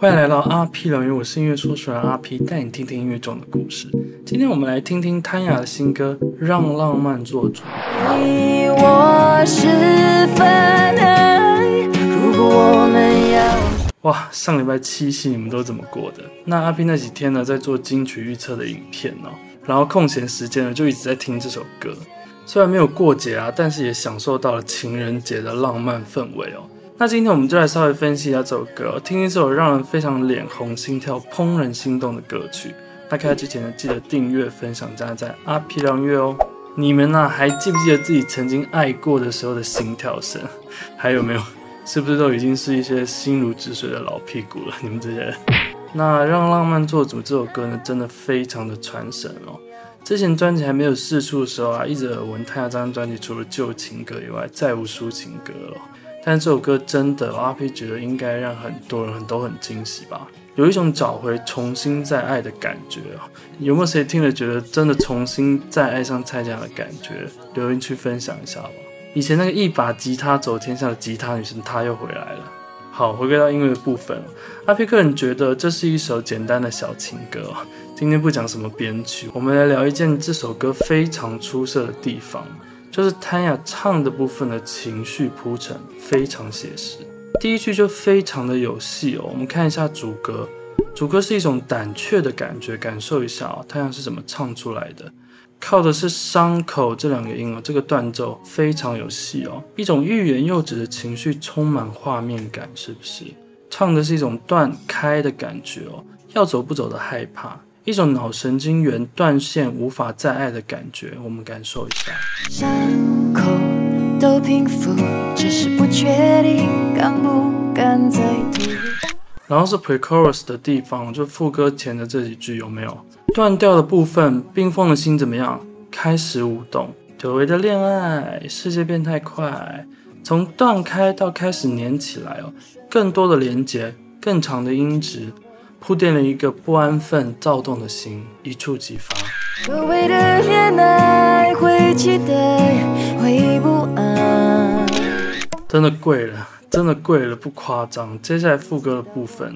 歡迎來到阿 P 樂園，因為我是音樂說書人阿 P，帶你聽聽音樂中的故事。今天我們來聽聽 Tanya 的新歌《讓浪漫作主》你我分如果我們要。哇，上禮拜七夕你們都怎麼過的？那阿 P 那幾天呢，在做金曲預測的影片哦，然後空閒時間呢，就一直在聽這首歌。雖然沒有過節啊，但是也享受到了情人節的浪漫氛圍哦。那今天我們就來稍微分析一下這首歌，喔，聽一首讓人非常臉紅心跳，怦然心動的歌曲。大家開始之前呢，記得訂閱、分享、加讚《阿皮郎月、喔》哦。你們吶、啊、還記不記得自己曾經愛過的時候的心跳聲？還有沒有？是不是都已經是一些心如止水的老屁股了？你們這些人。 那《讓浪漫作主》這首歌呢，真的非常的傳神哦，喔。之前專輯還沒有釋出的時候啊，一直耳聞 Tanya 這張專輯除了舊情歌以外，再無抒情歌了，喔。但這首歌真的，哦、阿 P 覺得應該讓很多人都很驚喜吧，有一種找回重新再愛的感覺、哦、有沒有誰聽了覺得真的重新再愛上蔡健雅的感覺？留言去分享一下吧。以前那個一把吉他走天下的吉他女神，她又回來了。好，回歸到音樂的部分、哦，阿 P 個人覺得這是一首簡單的小情歌、哦。今天不講什麼編曲，我們來聊一件這首歌非常出色的地方。就是 Tanya 唱的部分的情緒鋪陳非常寫實，第一句就非常的有戲哦。我們看一下主歌，主歌是一種膽怯的感覺，感受一下哦，Tanya 是怎麼唱出來的？靠的是傷口這兩個音哦，這個斷奏非常有戲哦，一種欲言又止的情緒，充滿畫面感，是不是？唱的是一種斷開的感覺哦，要走不走的害怕。一種腦神經元斷線無法再愛的感覺，我們感受一下。傷口都平復，只是不確定敢不敢再聽。然後是 pre chorus 的地方，就副歌前的這幾句有沒有斷掉的部分？冰封的心怎麼樣？開始舞動，久違的戀愛，世界變太快，從斷開到開始粘起來哦，更多的連結，更長的音值。鋪墊了一個不安分、躁動的心，一觸即發。所謂的戀愛，會期待，會不安。真的貴了，真的貴了，不誇張。接下來副歌的部分，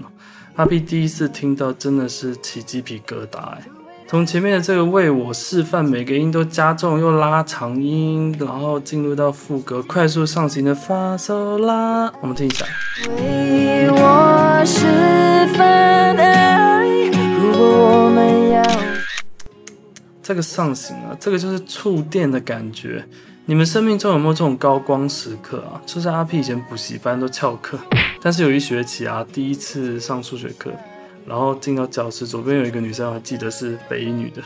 阿 P 第一次聽到真的是起雞皮疙瘩、欸。哎，從前面的這個為我示範，每個音都加重又拉長音，然後進入到副歌，快速上行的發嗦啦。我們聽一下。為我我如果我們要這個上行啊，這個就是觸電的感覺。你們生命中有沒有這種高光時刻啊？說、就是阿 P 以前補習班都翹課，但是有一學期啊，第一次上數學課，然後進到教室，左邊有一個女生，還記得是北一女的，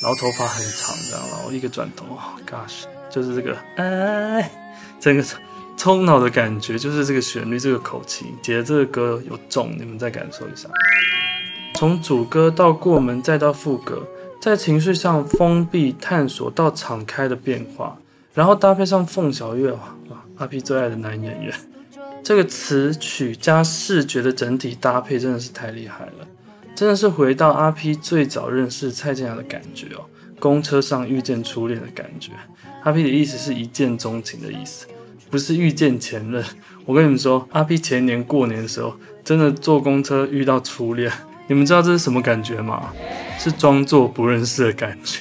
然後頭髮很長這樣，然後一個轉頭，哦，Gosh，就是這個哎，這個。衝腦的感覺就是這個旋律，這個口琴，覺得這個歌有重，你們再感受一下。從主歌到過門，再到副歌，在情緒上封閉探索到敞開的變化，然後搭配上鳳小岳，哇，阿 P 最愛的男演員，這個詞曲加視覺的整體搭配真的是太厲害了，真的是回到阿 P 最早認識蔡健雅的感覺哦，公車上遇見初戀的感覺，阿 P 的意思是一見鍾情的意思。不是遇見前任，我跟你們說，阿 P 前年過年的時候，真的坐公車遇到初戀，你們知道這是什麼感覺嗎？是裝作不認識的感覺。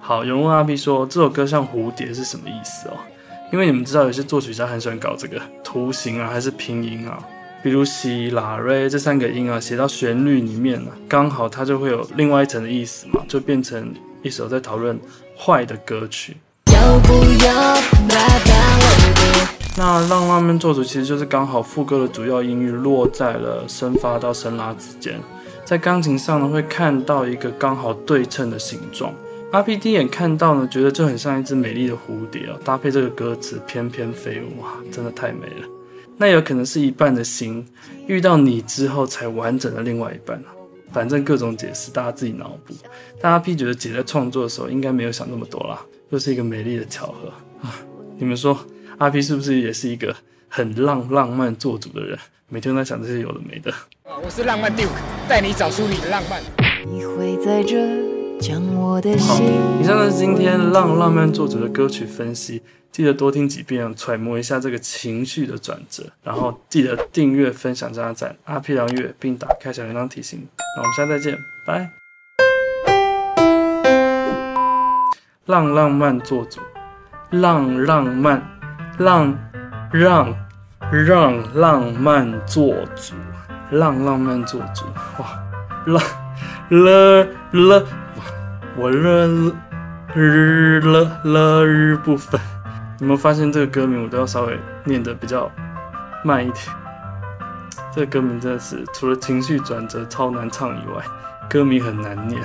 好，有人問阿 P 說這首歌像蝴蝶是什麼意思哦？因為你們知道有些作曲家很喜歡搞這個圖形啊，還是拼音啊，比如西拉瑞這三個音啊，寫到旋律裡面呢、啊，剛好它就會有另外一層的意思嘛，就變成一首在討論壞的歌曲。要不要？那那讓浪漫作主，其實就是剛好副歌的主要音域落在了升發到升拉之間，在鋼琴上呢會看到一個剛好對稱的形狀。阿 P 第一眼看到呢，覺得就很像一隻美麗的蝴蝶啊、哦，搭配這個歌詞翩翩飛舞，哇，真的太美了。那有可能是一半的心遇到你之後才完整的另外一半啊。反正各種解釋，大家自己腦補。但阿 P 覺得姐在創作的時候應該沒有想那麼多啦，又是一個美麗的巧合啊，你們說？阿 P 是不是也是一個很讓浪漫作主的人？每天都在想這些有的沒的。我是浪漫 Duke，帶你找出你的浪漫。你會在這將我的心。好，以上呢是今天讓浪漫作主的歌曲分析，記得多聽幾遍，揣摩一下這個情緒的轉折。然後記得訂閱、分享、加贊，阿 P 兩月，並打開小鈴鐺提醒。那我們下次再見，拜。讓浪漫作主，讓浪漫。讓，讓，讓浪漫作主，讓浪漫作主，哇，浪了，了，了我了，日了，了日不、呃、分，你們發現這個歌名我都要稍微念得比較慢一點？這個、歌名真的是除了情緒轉折超難唱以外，歌名很難念。